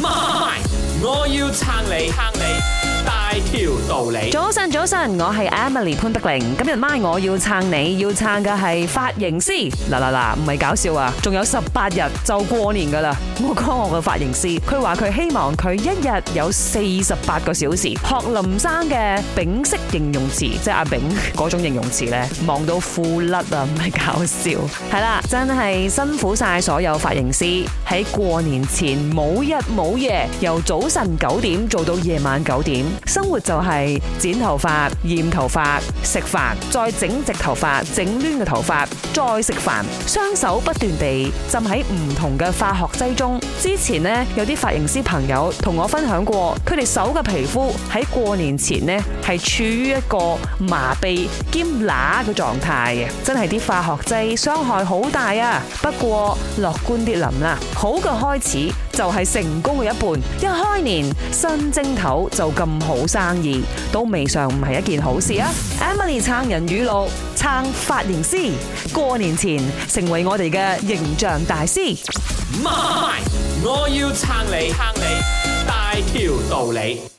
MY，我要撐你撐你。大條道理，早晨早晨，我係 Emily 潘德玲。今日晚我要撐你，要撐嘅係髮型師。嗱嗱嗱，唔係搞笑啊！仲有十八日就過年噶啦。我講我個髮型師，佢話佢希望佢一日有四十八個小時學林生嘅丙式形容詞，即係阿炳嗰種形容詞咧，忙到褲甩啊！唔係搞笑，係啦，真係辛苦晒所有髮型師喺過年前冇日冇夜，由早晨九點做到夜晚九點。生活就係剪頭髮、染頭髮、食飯，再整直頭髮、整攣嘅頭髮，再食飯，雙手不斷地浸喺唔同嘅化學劑中。之前呢，有啲髮型師朋友同我分享過，佢哋手嘅皮膚喺過年前呢，係處於一個麻痹兼乸嘅狀態嘅，真係啲化學劑傷害好大啊！不過樂觀啲諗啦，好嘅開始就係成功嘅一半。一開年新蒸頭就咁。好生意都未嘗唔係一件好事啊！Emily 撐人語錄，撐髮型師，過年前成為我哋嘅形象大師。我要撐你，撐你大條道理。